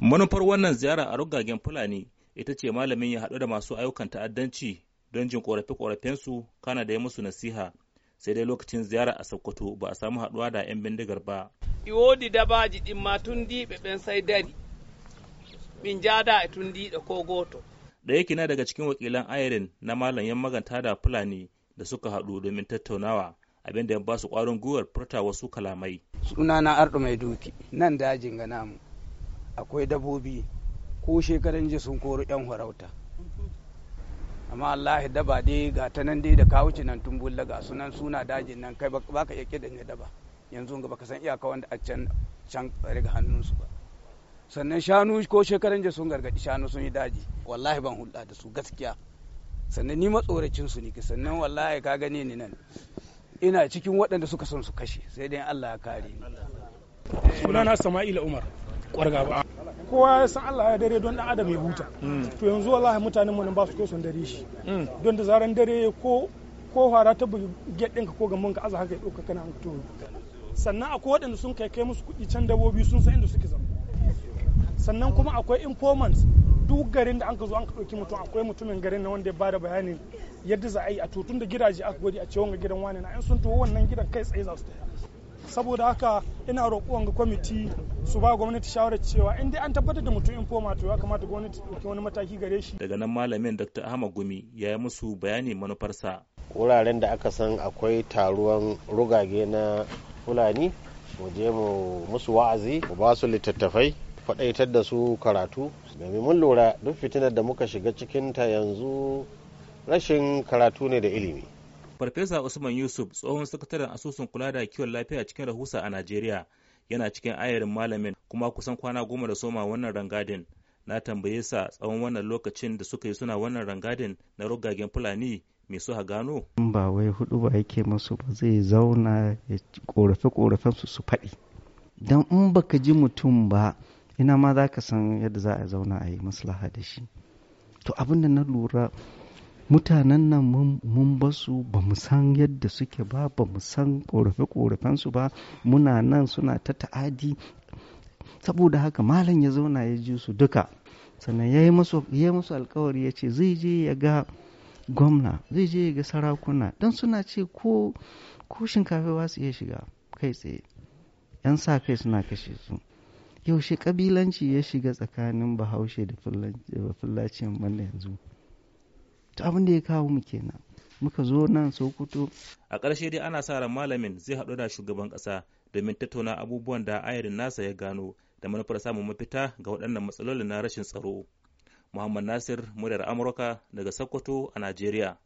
manufar wannan ziyara a rugagen fulani ita ce malamin ya haɗu da masu ayyukan ta'addanci don jin korafe-korafensu kana da ya musu nasiha sai dai lokacin ziyara a sokoto ba a samu haɗuwa da 'yan bindigar ba iwodi dabaji ɗin ma tun di ɓeɓen sai dari min jada a e tun di da ko goto da yake na daga cikin wakilan ayarin na malam maganta da fulani da suka haɗu domin tattaunawa abin da ya ba su ƙwarin gwiwar furta wasu kalamai sunana arɗo mai duki nan dajin ga namu akwai dabobi ko shekaran ji sun koro 'yan farauta amma Allah daba dai ga ta nan dai da kawo nan nan bulla ga sunan suna dajin nan kai ba ka iya da daba yanzu ga baka san iyaka wanda a can can riga ga hannunsu ba sannan shanu ko shekaran ji sun gargadi shanu sun yi daji wallahi ban hulɗa da su gaskiya sannan ni matsoracin su ne sannan wallahi ka gane ni nan ina cikin waɗanda suka son su kashe sai dai Allah ya kare ni sunana Sama'ila Umar kwarga ba kowa ya san Allah ya dare don dan adam ya huta hmm. to yanzu wallahi mutanen mu nan ba su ko son dare shi hmm. don da zaran dare ko ko fara ta bugi gedin ka ko gamban ka azaka haka ya kana to sannan akwai waɗanda sun kai kai musu kuɗi can dabobi sun san inda suke zama sannan kuma akwai informants duk garin da an ka zo an ka ɗauki mutum akwai mutumin garin na wanda ya bada bayanin yadda za a yi a tutun da gidaje aka gwadi a ce wanga gidan wani na in sun to wannan gidan kai tsaye za su tafi saboda haka ina roƙon ga kwamiti su ba gwamnati shawarar cewa in dai an tabbatar da mutum informa to ya kamata gwamnati ta wani mataki gare shi daga nan malamin dr ahmad gumi ya yi musu bayani manufarsa wuraren da aka san akwai taruwan rugage na fulani mu je mu musu wa'azi mu ba su littattafai faɗaitar da su karatu domin mun lura duk fitinar da muka shiga cikinta yanzu rashin karatu ne da ilimi Farfesa Usman Yusuf tsohon sakataren asusun kula da kiwon lafiya cikin rahusa a Najeriya yana cikin ayarin malamin kuma kusan kwana goma da soma wannan rangadin. Na tambaye sa tsawon wannan lokacin da suka yi suna wannan rangadin na rugagen Fulani mai su gano? Ba wai hudu ba yake masu ba zai zauna ya korafe korafen su su faɗi. Don in baka ji mutum ba ina ma za ka san yadda za a zauna a yi maslaha da shi. To abin da na lura mutanen nan mun ba su ba mu san yadda suke ba ba mu san korafe su ba muna nan suna ta ta'adi saboda haka malam ya zauna ya ji su duka sannan ya yi masu alkawari ya ce zai je ya ga gwamna zai je ya ga sarakuna don suna ce ko ko shinkafa ba su iya shiga kai tsaye yan sa kai suna kashe su yaushe kabilanci ya shiga tsakanin bahaushe da fulacin wannan yanzu ta abin da ya kawo mu kenan muka zo nan sokoto a ƙarshe dai ana sa ran malamin zai haɗu da shugaban ƙasa domin tattauna abubuwan da ayarin nasa ya gano da manufar samun mafita ga waɗannan matsalolin na rashin tsaro muhammad nasir muryar amurka daga sokoto a najeriya